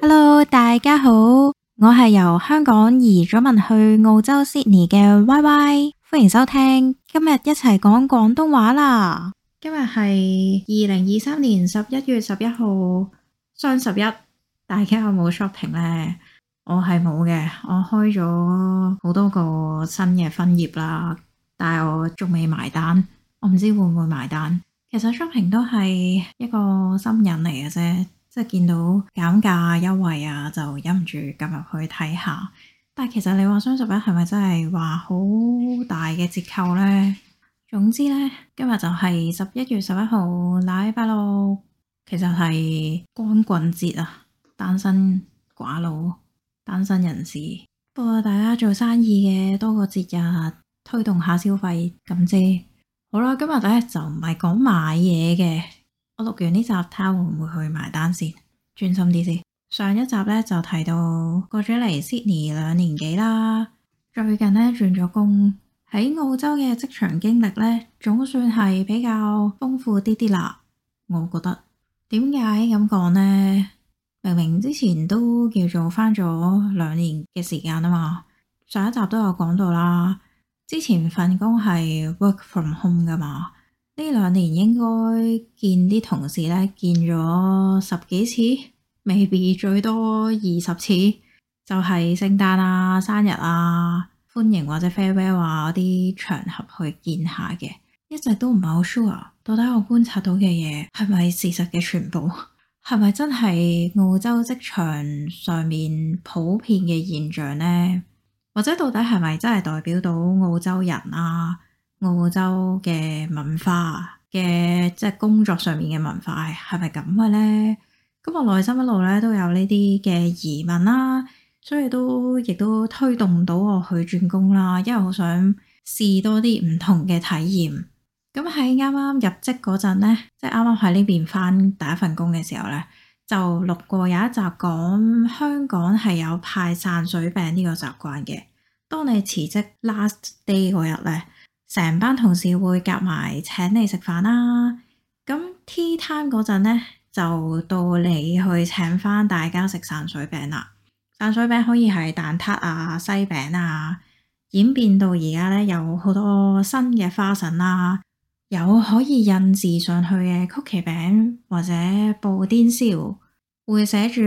Hello，大家好，我係由香港移咗民去澳洲 Sydney 嘅 Y Y，歡迎收聽，今日一齊講廣東話啦。今日係二零二三年十一月十一號雙十一，大家有冇 shopping 呢？我係冇嘅，我開咗好多個新嘅分頁啦，但係我仲未埋單。我唔知會唔會埋單。其實 shopping 都係一個心癮嚟嘅啫，即係見到減價優惠啊，就忍唔住撳入去睇下。但係其實你話雙十一係咪真係話好大嘅折扣呢？總之呢，今日就係十一月十一號，禮拜六，其實係光棍節啊，單身寡佬、單身人士。不過大家做生意嘅多個節日推動下消費咁啫。好啦，今日咧就唔係講買嘢嘅，我錄完呢集，睇下會唔會去埋單先，專心啲先。上一集咧就提到過咗嚟 Sydney 兩年幾啦，最近咧轉咗工，喺澳洲嘅職場經歷咧總算係比較豐富啲啲啦。我覺得點解咁講咧？明明之前都叫做翻咗兩年嘅時間啊嘛，上一集都有講到啦。之前份工係 work from home 噶嘛？呢兩年應該見啲同事咧，見咗十幾次，未必最多二十次，就係聖誕啊、生日啊、歡迎或者 farewell 啊嗰啲場合去見下嘅。一直都唔係好 sure，到底我觀察到嘅嘢係咪事實嘅全部？係咪真係澳洲職場上面普遍嘅現象呢？或者到底係咪真係代表到澳洲人啊、澳洲嘅文化嘅，即係工作上面嘅文化係咪咁嘅呢？咁我內心一路咧都有呢啲嘅疑問啦，所以都亦都推動到我去轉工啦，因為我想試多啲唔同嘅體驗。咁喺啱啱入職嗰陣呢，即係啱啱喺呢邊返第一份工嘅時候呢，就錄過有一集講香港係有派散水餅呢個習慣嘅。當你辭職 last day 嗰日咧，成班同事會夾埋請你食飯啦。咁 tea time 嗰陣咧，就到你去請返大家食散水餅啦。散水餅可以係蛋撻啊、西餅啊，演變到而家咧有好多新嘅花臣啦、啊，有可以印字上去嘅曲奇餅或者布丁燒，會寫住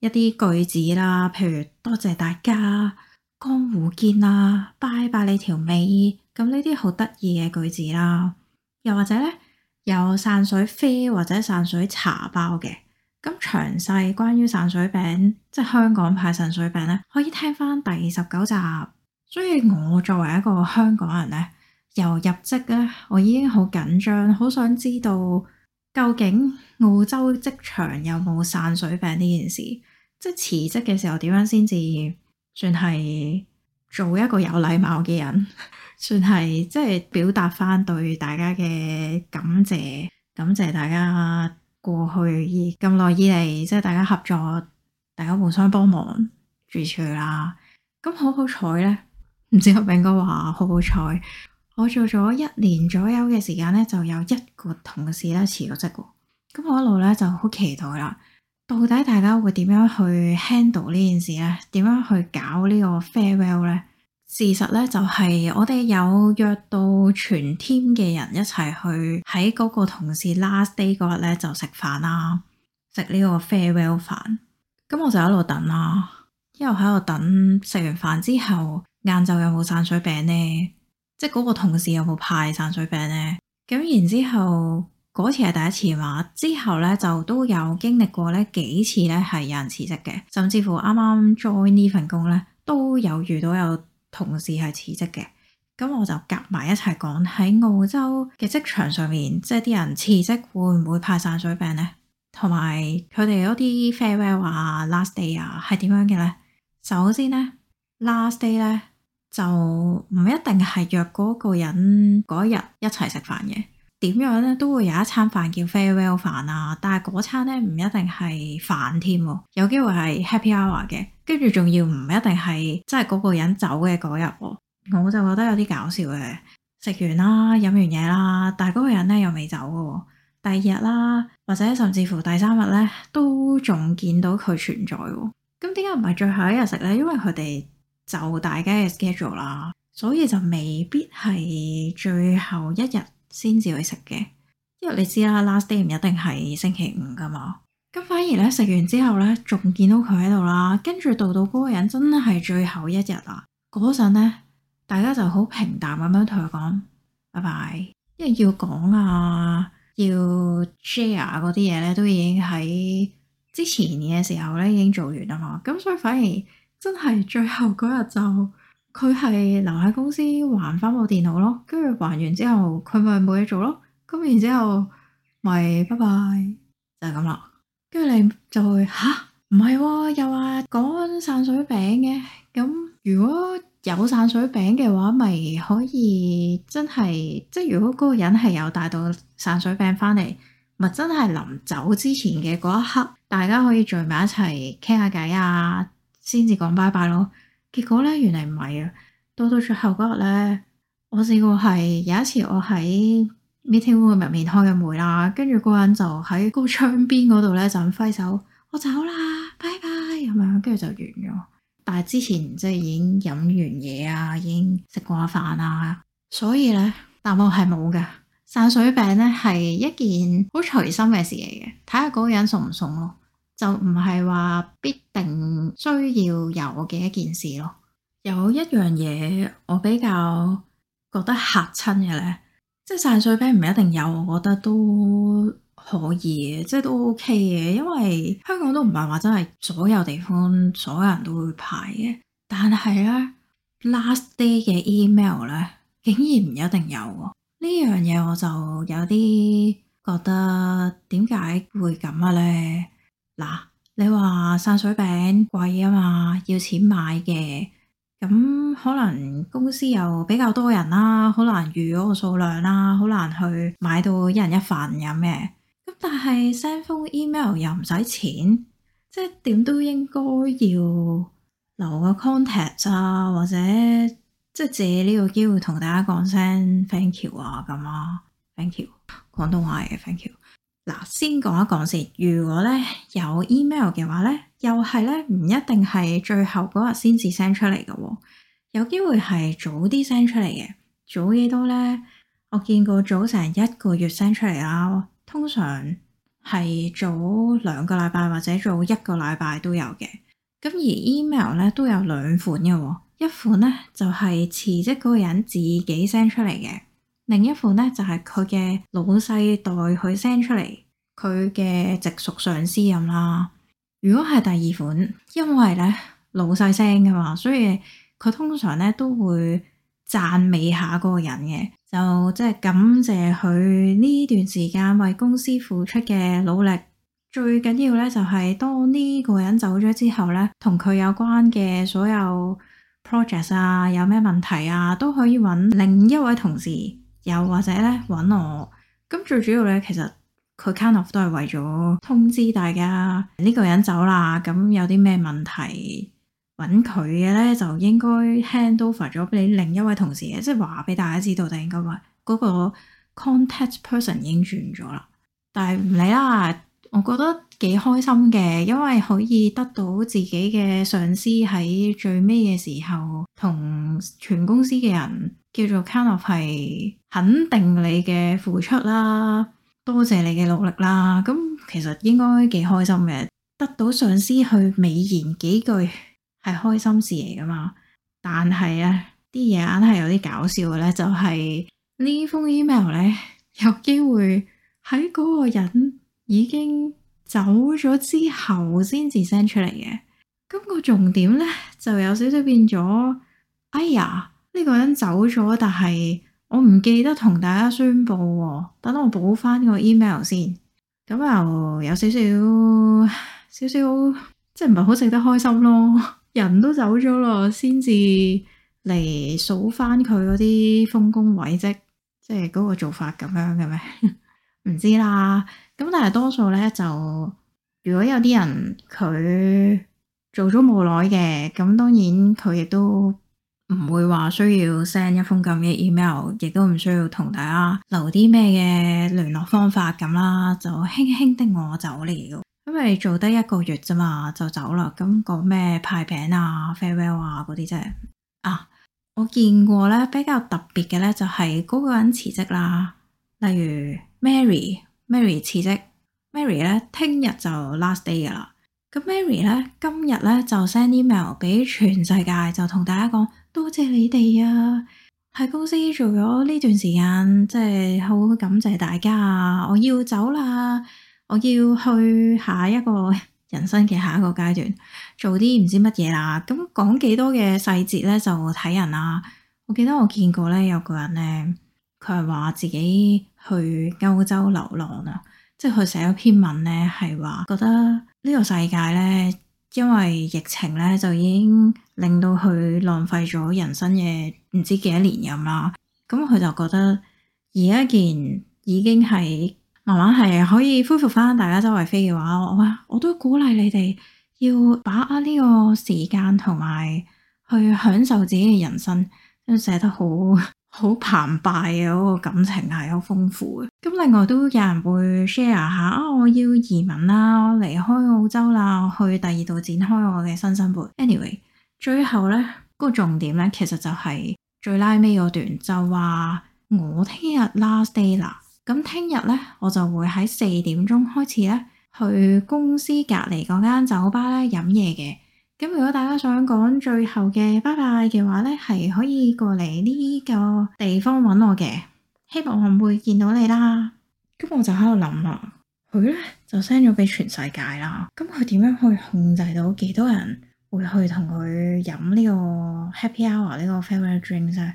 一啲句子啦，譬如多謝大家。江湖見啦，拜拜你條尾，咁呢啲好得意嘅句子啦。又或者呢，有散水啡或者散水茶包嘅。咁詳細關於散水餅，即係香港派散水餅呢，可以聽翻第十九集。所以我作為一個香港人呢，由入職呢，我已經好緊張，好想知道究竟澳洲職場有冇散水餅呢件事，即係辭職嘅時候點樣先至。算係做一個有禮貌嘅人，算係即係表達翻對大家嘅感謝，感謝大家過去咁耐以嚟，即係大家合作，大家互相幫忙住處啦。咁好好彩咧，唔知阿炳哥話好好彩，我做咗一年左右嘅時間咧，就有一個同事咧辭咗職喎。咁我一路咧就好期待啦。到底大家會點樣去 handle 呢件事咧？點樣去搞呢個 farewell 呢？事實呢，就係、是、我哋有約到全 team 嘅人一齊去喺嗰個同事 last day 嗰日呢就食飯啦，食呢個 farewell 飯。咁我就喺度等啦，又喺度等食完飯之後，晏晝有冇散水餅呢？即係嗰個同事有冇派散水餅呢？咁然之後。嗰次係第一次嘛，之後咧就都有經歷過呢幾次咧係有人辭職嘅，甚至乎啱啱 join 呢份工咧都有遇到有同事係辭職嘅，咁我就夾埋一齊講，喺澳洲嘅職場上面，即係啲人辭職會唔會派散水餅呢？同埋佢哋嗰啲 farewell 啊、last day 啊係點樣嘅呢？首先呢 last day 呢就唔一定係約嗰個人嗰日一齊食飯嘅。點樣咧都會有一餐飯叫 farewell 飯啊，但係嗰餐咧唔一定係飯添，有機會係 happy hour 嘅，跟住仲要唔一定係真係嗰個人走嘅嗰日。我就覺得有啲搞笑嘅，食完啦，飲完嘢啦，但係嗰個人咧又未走嘅。第二日啦，或者甚至乎第三日咧，都仲見到佢存在。咁點解唔係最後一日食咧？因為佢哋就大家嘅 schedule 啦，所以就未必係最後一日。先至去食嘅，因為你知啦，last day 唔一定係星期五㗎嘛。咁反而咧食完之後咧，仲見到佢喺度啦。跟住到到嗰個人真係最後一日啦，嗰陣咧大家就好平淡咁樣同佢講拜拜，因為要講啊要 share 嗰啲嘢咧都已經喺之前嘅時候咧已經做完啦嘛。咁所以反而真係最後嗰日就。佢係留喺公司還翻部電腦咯，跟住還完之後佢咪冇嘢做咯，咁然之後咪拜拜就係咁啦。跟住你就會吓，唔係、哦、又話講散水餅嘅。咁如果有散水餅嘅話，咪可以真係即係如果嗰個人係有帶到散水餅翻嚟，咪真係臨走之前嘅嗰一刻，大家可以聚埋一齊傾下偈啊，先至講拜拜咯。結果呢，原嚟唔係啊！到到最後嗰日咧，我試過係有一次，我喺 meeting room 個入面開緊會啦，跟住嗰個人就喺個窗邊嗰度咧就揮手，我走啦，拜拜咁樣，跟住就完咗。但係之前即係已經飲完嘢啊，已經食過一飯啊，所以咧，答案係冇嘅。散水餅咧係一件好隨心嘅事嚟嘅，睇下嗰個人送唔送咯。就唔係話必定需要有嘅一件事咯。有一樣嘢我比較覺得嚇親嘅咧，即係散水餅唔一定有，我覺得都可以，即係都 OK 嘅。因為香港都唔係話真係所有地方所有人都會派嘅。但係咧 last day 嘅 email 咧，竟然唔一定有呢樣嘢，我就有啲覺得點解會咁啊咧？嗱，你話散水餅貴啊嘛，要錢買嘅，咁可能公司又比較多人啦、啊，好難預嗰個數量啦、啊，好難去買到一人一份咁嘅。咁但係 send 封 email 又唔使錢，即係點都應該要留個 contact 啊，或者即係借呢個機會同大家講聲 thank you 啊，咁啊，thank you，廣東話嘅 thank you。謝謝先講一講先。如果咧有 email 嘅話咧，又係咧唔一定係最後嗰日先至 send 出嚟嘅，有機會係早啲 send 出嚟嘅。早幾多咧？我見過早成一個月 send 出嚟啦。通常係早兩個禮拜或者早一個禮拜都有嘅。咁而 email 咧都有兩款嘅，一款咧就係辭職嗰個人自己 send 出嚟嘅。另一款咧就係佢嘅老細代佢 send 出嚟，佢嘅直屬上司咁啦。如果係第二款，因為咧老細 send 噶嘛，所以佢通常咧都會讚美下嗰個人嘅，就即係感謝佢呢段時間為公司付出嘅努力。最緊要咧就係當呢個人走咗之後咧，同佢有關嘅所有 project 啊，有咩問題啊，都可以搵另一位同事，又或者咧揾我，咁最主要咧，其實佢 cut off 都係為咗通知大家呢個人走啦。咁有啲咩問題揾佢嘅咧，就應該 hand over 咗俾另一位同事，即係話俾大家知道，就應該話嗰個 contact person 已經轉咗啦。但係唔理啦，我覺得幾開心嘅，因為可以得到自己嘅上司喺最尾嘅時候同全公司嘅人。叫做 Kind of，係肯定你嘅付出啦，多謝你嘅努力啦。咁其實應該幾開心嘅，得到上司去美言幾句，係開心事嚟㗎嘛。但係咧啲嘢硬係有啲搞笑嘅咧，就係、是、呢封 email 咧有機會喺嗰個人已經走咗之後先至 send 出嚟嘅。咁、那個重點咧就有少少變咗，哎呀～呢個人走咗，但係我唔記得同大家宣布喎、哦。等我補翻個 email 先。咁又有少少少少，即係唔係好值得開心咯。人都走咗啦，先至嚟數翻佢嗰啲豐功偉績，即係嗰個做法咁樣嘅咩？唔 知啦。咁但係多數咧就，如果有啲人佢做咗冇耐嘅，咁當然佢亦都。唔會話需要 send 一封咁嘅 email，亦都唔需要同大家留啲咩嘅聯絡方法咁啦，就輕輕的我走了，因為做得一個月咋嘛就走啦，咁講咩派餅啊 farewell 啊嗰啲啫。啊，我見過咧比較特別嘅咧，就係嗰個人辭職啦，例如 Mary，Mary Mary 辭職，Mary 咧聽日就 last day 噶啦，咁 Mary 咧今日咧就 send email 俾全世界，就同大家講。多謝你哋啊！喺公司做咗呢段時間，真係好感謝大家啊！我要走啦，我要去下一個人生嘅下一個階段，做啲唔知乜嘢啦。咁講幾多嘅細節呢？就睇人啦。我記得我見過呢有個人呢，佢係話自己去歐洲流浪啊，即係佢寫咗篇文呢，係話覺得呢個世界呢。因為疫情咧，就已經令到佢浪費咗人生嘅唔知幾多年咁啦。咁佢就覺得而家既然已經係慢慢係可以恢復翻大家周圍飛嘅話我，我都鼓勵你哋要把握呢個時間，同埋去享受自己嘅人生，都寫得好。 好澎湃嘅，嗰個感情係好豐富嘅，咁另外都有人會 share 下啊，我要移民啦，我離開澳洲啦，去第二度展開我嘅新生活。Anyway，最後呢嗰個重點呢，其實就係最拉尾嗰段就話我聽日 last day 啦，咁聽日呢，我就會喺四點鐘開始呢，去公司隔籬嗰間酒吧咧飲嘢嘅。咁如果大家想講最後嘅 bye bye 嘅話呢，係可以過嚟呢個地方搵我嘅，希望我唔會見到你啦。咁我就喺度諗啦，佢呢就 send 咗俾全世界啦。咁佢點樣去控制到幾多人會去同佢飲呢個 Happy Hour 呢個 Farewell Drinks？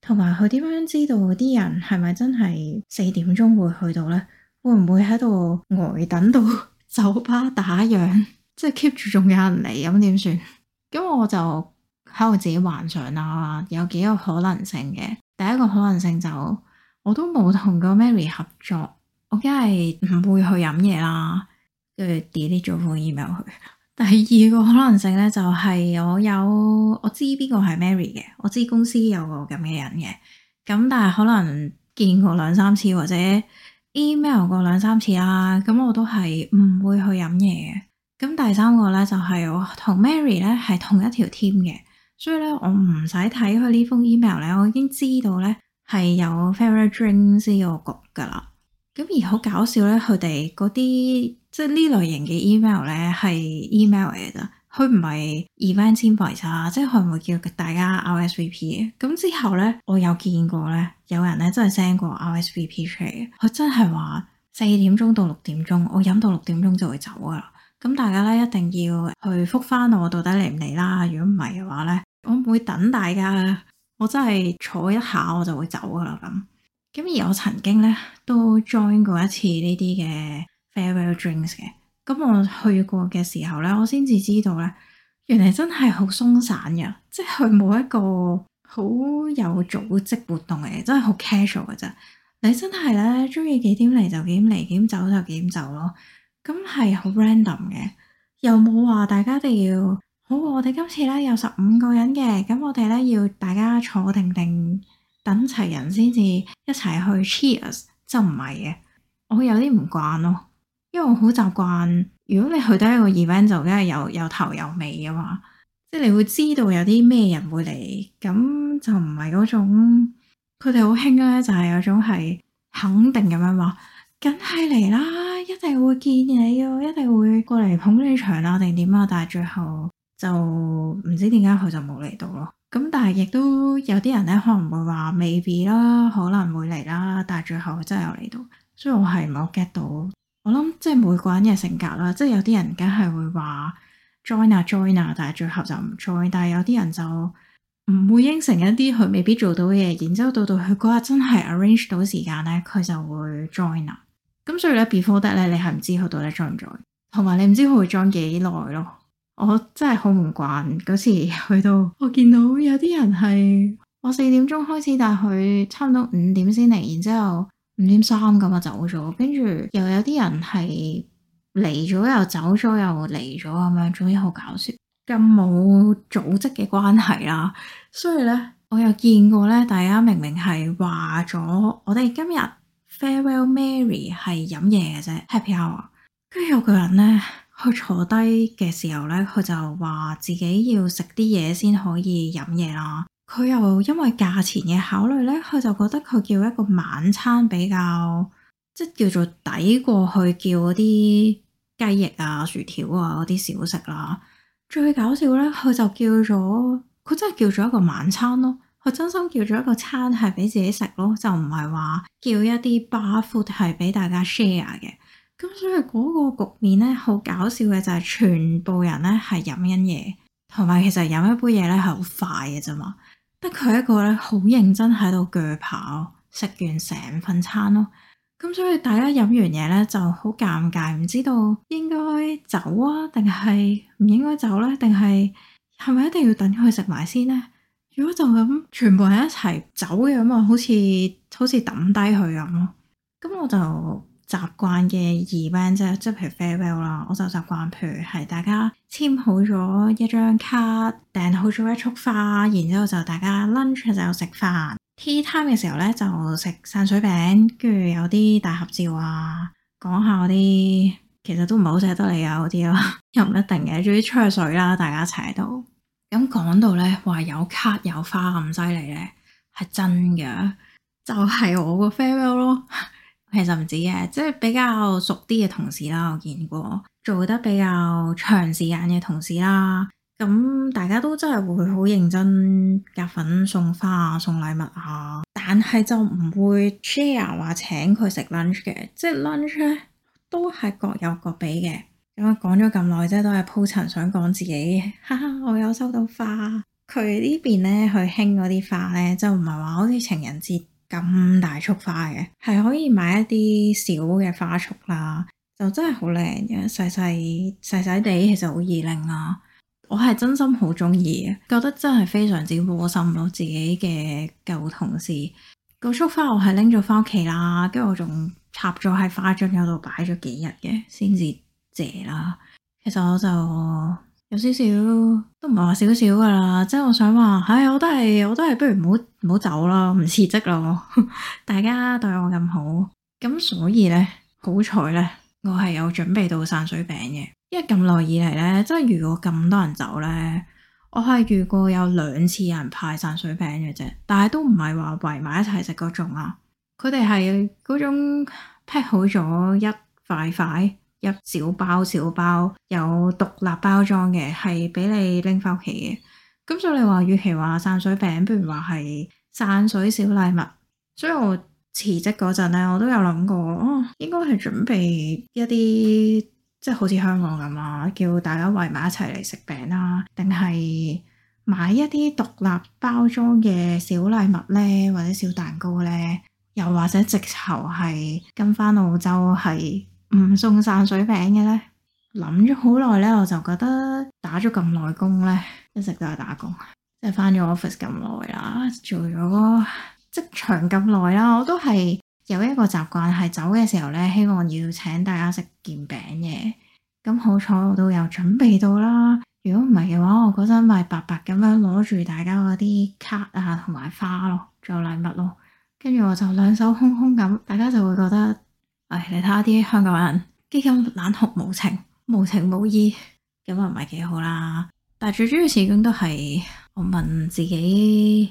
同埋佢點樣知道啲人係咪真係四點鐘會去到呢？會唔會喺度呆等到 酒吧打烊？即係 keep 住仲有人嚟，咁點算？咁 我就喺我自己幻想啦，有幾個可能性嘅。第一個可能性就是、我都冇同個 Mary 合作，我梗係唔會去飲嘢啦。跟住 delete 咗封 email 去。第二個可能性呢，就係我有我知邊個係 Mary 嘅，我知,我知公司有個咁嘅人嘅。咁但係可能見過兩三次或者 email 過兩三次啦，咁我都係唔會去飲嘢嘅。咁第三個咧，就係我同 Mary 咧係同一條 team 嘅，所以咧我唔使睇佢呢封 email 咧，我已經知道咧係有 Farewell Drinks 呢個局噶啦。咁而好搞笑咧，佢哋嗰啲即係呢類型嘅 email 咧係 email 嚟噶啫，佢唔係 event invite 嚟，即係佢唔會叫大家 RSVP。咁之後咧，我有見過咧，有人咧真係 send 過 RSVP 出嚟，佢真係話四點鐘到六點鐘，我飲到六點鐘就會走噶啦。咁大家咧一定要去覆返我到底嚟唔嚟啦？如果唔係嘅話咧，我唔會等大家。我真係坐一下，我就會走噶啦咁。咁而我曾經咧都 join 過一次呢啲嘅 farewell drinks 嘅。咁我去過嘅時候咧，我先至知道咧，原來真係好鬆散嘅，即係佢冇一個好有組織活動嚟，真係好 casual 嘅啫。你真係咧中意幾點嚟就幾點嚟，幾點走就幾點走咯。咁係好 random 嘅，又冇話大家一定要。好，我哋今次咧有十五個人嘅，咁我哋咧要大家坐定定，等齊人先至一齊去 cheers，就唔係嘅。我有啲唔慣咯，因為我好習慣，如果你去得一個 event 就梗係有有頭有尾嘅嘛，即係你會知道有啲咩人會嚟，咁就唔係嗰種。佢哋好興咧，就係有種係肯定咁樣話。梗係嚟啦，一定會見你嘅，一定會過嚟捧你場啦、啊，定點啊！但係最後就唔知點解佢就冇嚟到咯。咁但係亦都有啲人咧，可能會話未必啦，可能會嚟啦，但係最後真係又嚟到。所以我係冇 get 到。我諗即係每個人嘅性格啦，即係有啲人梗係會話 join 啊 join 啊，但係最後就唔 join。但係有啲人就唔會應承一啲佢未必做到嘅嘢，然之後到到佢嗰日真係 arrange 到時間咧，佢就會 join 啊。咁、嗯、所以咧，before that 咧，你係唔知佢到底裝唔裝，同埋你唔知佢會裝幾耐咯。我真係好唔慣嗰次去到，我到，我見到有啲人係我四點鐘開始，但係佢差唔多五點先嚟，然之後五點三咁啊走咗，跟住又有啲人係嚟咗又走咗又嚟咗咁樣，總之好搞笑，咁冇組織嘅關係啦。所以咧，我又見過咧，大家明明係話咗我哋今日。Farewell, Mary 係飲嘢嘅啫，Happy Hour。跟住有個人咧，佢坐低嘅時候咧，佢就話自己要食啲嘢先可以飲嘢啦。佢又因為價錢嘅考慮咧，佢就覺得佢叫一個晚餐比較，即係叫做抵過去叫嗰啲雞翼啊、薯條啊嗰啲小食啦。最搞笑咧，佢就叫咗，佢真係叫咗一個晚餐咯。我真心叫咗一個餐係俾自己食咯，就唔係話叫一啲 bar food 係俾大家 share 嘅。咁所以嗰個局面咧，好搞笑嘅就係全部人咧，係飲緊嘢，同埋其實飲一杯嘢咧，係好快嘅啫嘛。得佢一個咧好認真喺度鋸扒，食完成份餐咯。咁所以大家飲完嘢咧就好尷尬，唔知道應該走啊，定係唔應該走咧，定係係咪一定要等佢食埋先咧？如果就咁全部係一齊走嘅咁啊，好似好似抌低佢咁咯，咁我就習慣嘅 event 即係即係譬如 farewell 啦，我就習慣，譬如係大家簽好咗一張卡，訂好咗一束花，然之後就大家 lunch 就食飯，tea time 嘅時候咧就食散水餅，跟住有啲大合照啊，講下嗰啲其實都唔係好捨得你啊嗰啲啦，又唔 一定嘅，總之出去水啦，大家一齊喺度。咁講到呢，話有卡有花咁犀利呢，係真嘅，就係我個 farewell 咯。 其實唔止嘅，即係比較熟啲嘅同事啦，我見過做得比較長時間嘅同事啦。咁大家都真係會好認真夾份送花啊，送禮物啊，但係就唔會 share 話請佢食 lunch 嘅，即係 lunch 呢，都係各有各俾嘅。咁講咗咁耐啫，都係鋪陳想講自己。哈哈，我有收到花，佢呢邊咧去興嗰啲花咧，就唔係話好似情人節咁大束花嘅，係可以買一啲小嘅花束啦，就真係好靚嘅，細細細細地，其實好易拎啊！我係真心好中意嘅，覺得真係非常之窩心咯。到自己嘅舊同事個束花我係拎咗翻屋企啦，跟住我仲插咗喺花樽嗰度擺咗幾日嘅，先至。啦，其實我就有少少，都唔係話少少噶啦，即係我想話，係我都係，我都係，不如唔好唔好走啦，唔辭職啦， 大家對我咁好，咁所以呢，好彩呢，我係有準備到散水餅嘅，因為咁耐以嚟呢，真係遇過咁多人走呢。我係遇過有兩次人派散水餅嘅啫，但係都唔係話圍埋一齊食嗰種啊，佢哋係嗰種劈好咗一塊塊。一小包小包有獨立包裝嘅，係俾你拎翻屋企嘅。咁所以你話，與其話散水餅，不如話係散水小禮物。所以我辭職嗰陣咧，我都有諗過，哦，應該係準備一啲，即係好似香港咁啊，叫大家圍埋一齊嚟食餅啦，定係買一啲獨立包裝嘅小禮物咧，或者小蛋糕咧，又或者直頭係跟翻澳洲係。唔送散水餅嘅咧，諗咗好耐咧，我就覺得打咗咁耐工咧，一直都係打工，即係翻咗 office 咁耐啦，做咗職場咁耐啦，我都係有一個習慣係走嘅時候咧，希望要請大家食件餅嘅。咁好彩我都有準備到啦，如果唔係嘅話，我嗰陣咪白白咁樣攞住大家嗰啲卡啊，同埋花咯，仲有禮物咯，跟住我就兩手空空咁，大家就會覺得。唉、哎，你睇下啲香港人，基金冷酷無情，無情無義，咁啊唔係幾好啦。但係最主要始終都係我問自己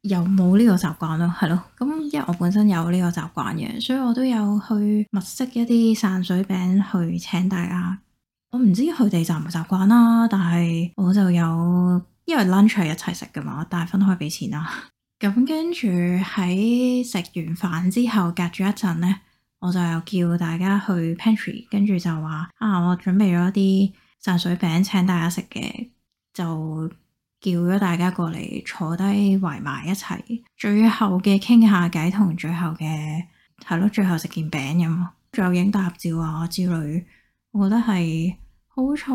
有有，有冇呢個習慣咯？係咯，咁因為我本身有呢個習慣嘅，所以我都有去物色一啲散水餅去請大家。我唔知佢哋習唔習慣啦，但係我就有，因為 lunch 係一齊食嘅嘛，我係分開俾錢啦。咁跟住喺食完飯之後，隔住一陣咧。我就又叫大家去 pantry，跟住就話啊，我準備咗一啲散水餅請大家食嘅，就叫咗大家過嚟坐低圍埋一齊，最後嘅傾下偈，同最後嘅係咯，最後食件餅咁咯，最後影大合照啊之類，我覺得係好彩，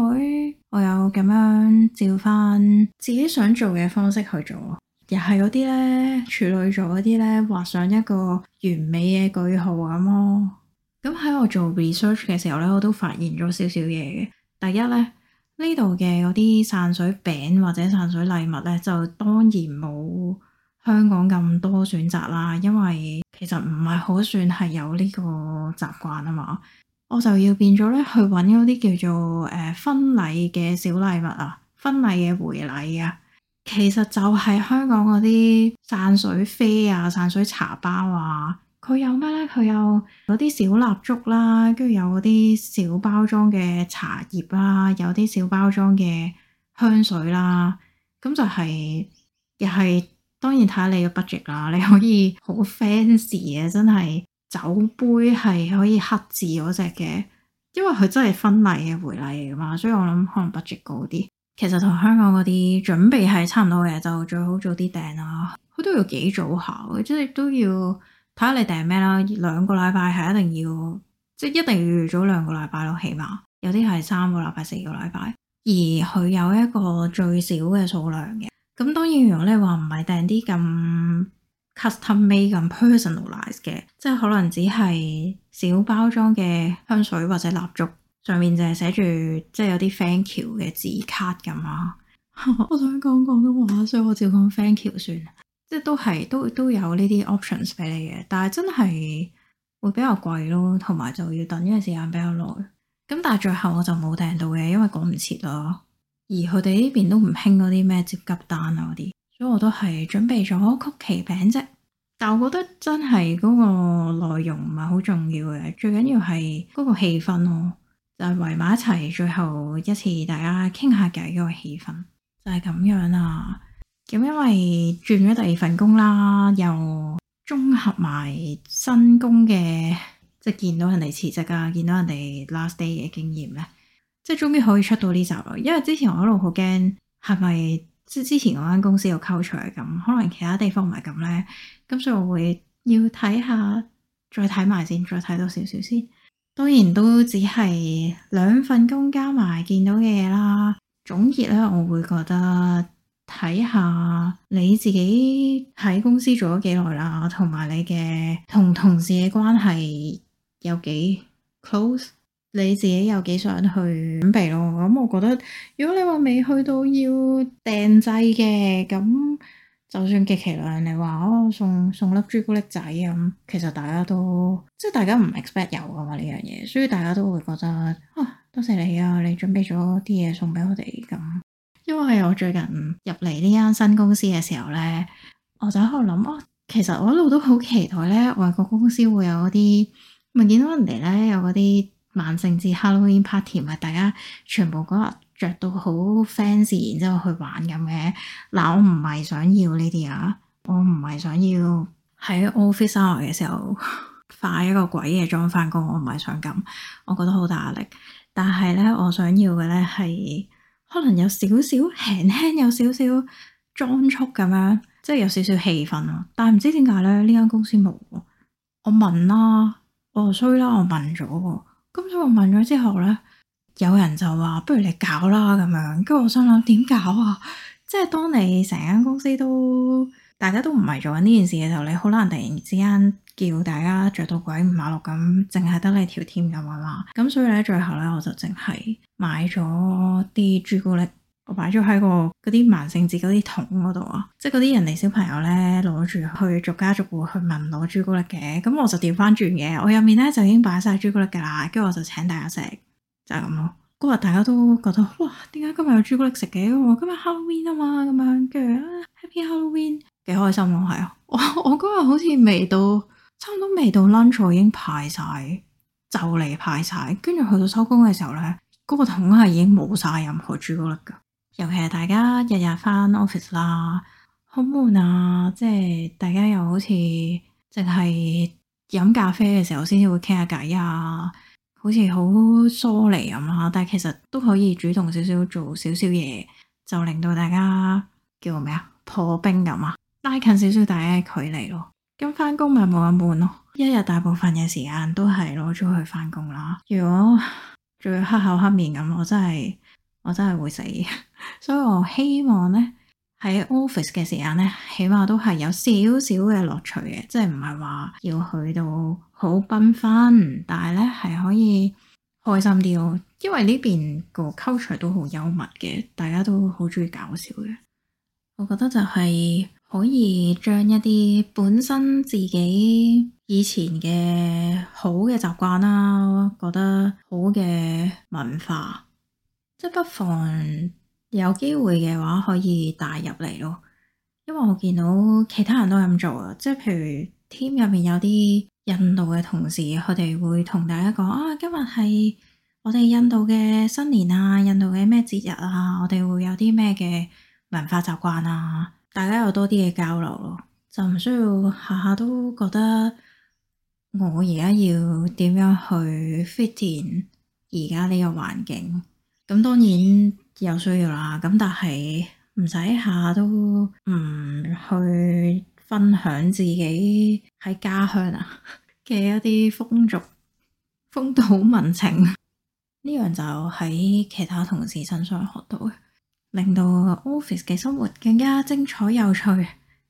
我有咁樣照翻自己想做嘅方式去做。又係嗰啲咧，處女座嗰啲咧，畫上一個完美嘅句號咁咯。咁喺我做 research 嘅時候咧，我都發現咗少少嘢嘅。第一咧，呢度嘅嗰啲散水餅或者散水禮物咧，就當然冇香港咁多選擇啦。因為其實唔係好算係有呢個習慣啊嘛，我就要變咗咧去搵嗰啲叫做誒婚禮嘅小禮物啊，婚禮嘅回禮啊。其實就係香港嗰啲散水啡啊、散水茶包啊，佢有咩咧？佢有啲小蠟燭啦，跟住有啲小包裝嘅茶葉啦，有啲小包裝嘅香水啦，咁就係又係當然睇下你嘅 budget 啦。你可以好 fancy 嘅，真係酒杯係可以刻字嗰隻嘅，因為佢真係婚禮嘅回禮嚟噶嘛，所以我諗可能 budget 高啲。其實同香港嗰啲準備係差唔多嘅，就最好早啲訂啦。佢都要幾早下，即係都要睇下你訂咩啦。兩個禮拜係一定要，即係一定要預早兩個禮拜咯，起碼有啲係三個禮拜、四個禮拜。而佢有一個最少嘅數量嘅。咁當然，如果你話唔係訂啲咁 custom made、咁 personalized 嘅，即係可能只係小包裝嘅香水或者蠟燭。上面就係寫住即係有啲 thank you 嘅字卡咁啊。 我想講廣東話，所以我照講 thank you 算。即係都係都都有呢啲 options 俾你嘅，但係真係會比較貴咯，同埋就要等嘅時間比較耐。咁但係最後我就冇訂到嘅，因為趕唔切咯。而佢哋呢邊都唔興嗰啲咩接急單啊嗰啲，所以我都係準備咗曲奇餅啫。但係我覺得真係嗰個內容唔係好重要嘅，最緊要係嗰個氣氛，咯。就圍埋一齊，最後一次大家傾下偈嗰個氣氛就係咁樣啦。咁因爲轉咗第二份工啦，又綜合埋新工嘅，即係見到人哋辭職啊，見到人哋 last day 嘅經驗咧，即係終於可以出到呢集咯。因爲之前我一路好驚係咪之之前嗰間公司有溝出嚟咁，可能其他地方唔係咁咧，咁所以我會要睇下，再睇埋先，再睇多少少先。當然都只係兩份工加埋見到嘅嘢啦。總結咧，我會覺得睇下你自己喺公司做咗幾耐啦，同埋你嘅同同事嘅關係有幾 close，你自己有幾想去準備咯。咁我覺得，如果你話未去到要訂製嘅咁。就算極其量，你話哦，送送粒朱古力仔咁，其實大家都即係大家唔 expect 有噶嘛呢樣嘢，所以大家都會覺得啊，多謝你啊，你準備咗啲嘢送俾我哋咁。因為我最近入嚟呢間新公司嘅時候咧，我就喺度諗哦，其實我一路都好期待咧，外國公司會有啲，咪見到人哋咧有嗰啲萬聖節 Halloween party 咪大家全部嗰日。着到好 fancy，然之後去玩咁嘅。嗱我唔係想要呢啲啊，我唔係想要喺 office 啊嘅時候 化一個鬼嘢妝返工，我唔係想咁，我覺得好大壓力。但係咧，我想要嘅咧係可能有少少輕輕，有少少裝束咁樣，即係有少少氣氛咯。但係唔知點解咧，呢間公司冇。我問啦，我衰啦，我問咗，咁所以我問咗之後咧。有人就話：不如你搞啦咁樣，跟住我想諗點搞啊？即係當你成間公司都大家都唔係做緊呢件事嘅時候，你好難突然之間叫大家着到鬼五馬六咁，淨係得你條添咁樣啦！咁所以咧，最後咧，我就淨係買咗啲朱古力，我擺咗喺個嗰啲萬聖節嗰啲桶嗰度啊，即係嗰啲人哋小朋友咧攞住去逐家逐戶去問攞朱古力嘅，咁我就調翻轉嘅，我入面咧就已經擺晒朱古力噶啦，跟住我就請大家食。就係咁咯。嗰日大家都覺得哇，點解今日有朱古力食嘅？今日 Halloween 啊嘛，咁樣跟住啊，Happy Halloween，幾開心咯、啊，係啊。我我嗰日好似未到，差唔多未到 lunch 已經派晒，就嚟派晒。跟住去到收工嘅時候咧，嗰個桶係已經冇晒任何朱古力噶。尤其係大家日日翻 office 啦、好悶啊，即係大家又好似淨係飲咖啡嘅時候，先至會傾下偈啊。好似好疏離咁嚇，但係其實都可以主動少少做少少嘢，就令到大家叫做咩啊破冰咁啊，拉近少少大家嘅距離咯。咁返工咪冇咁悶咯，一日大部分嘅時間都係攞咗去返工啦。如果仲要黑口黑面咁，我真係我真係會死。 所以我希望呢，喺 office 嘅時間呢，起碼都係有少少嘅樂趣嘅，即係唔係話要去到。好繽紛，但係咧係可以開心啲咯，因為呢邊個 culture 都好幽默嘅，大家都好中意搞笑嘅。我覺得就係可以將一啲本身自己以前嘅好嘅習慣啦，覺得好嘅文化，即不妨有機會嘅話，可以帶入嚟咯。因為我見到其他人都咁做啊，即係譬如 team 入邊有啲。印度嘅同事，佢哋會同大家講啊，今日係我哋印度嘅新年啊，印度嘅咩節日啊，我哋會有啲咩嘅文化習慣啊，大家有多啲嘅交流咯，就唔需要下下都覺得我而家要點樣去 fit in 而家呢個環境，咁當然有需要啦，咁但係唔使下下都唔去。分享自己喺家鄉啊嘅一啲風俗、風土民情，呢 樣就喺其他同事身上學到嘅，令到 office 嘅生活更加精彩有趣，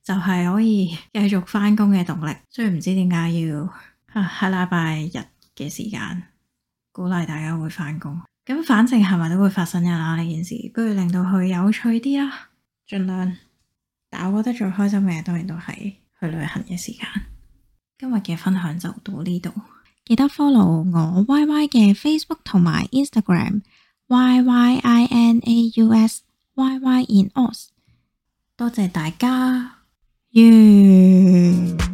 就係、是、可以繼續翻工嘅動力。雖然唔知點解要、啊、下喺禮拜日嘅時間鼓勵大家會翻工，咁反正係咪都會發生一啦呢件事，不如令到佢有趣啲啊，盡量。但係我覺得最開心嘅嘢，當然都係去旅行嘅時間。今日嘅分享就到呢度，記得 follow 我 Y Y 嘅 Facebook 同埋 Instagram Y Y I N A U S Y Y In Aus。多謝大家，嗯。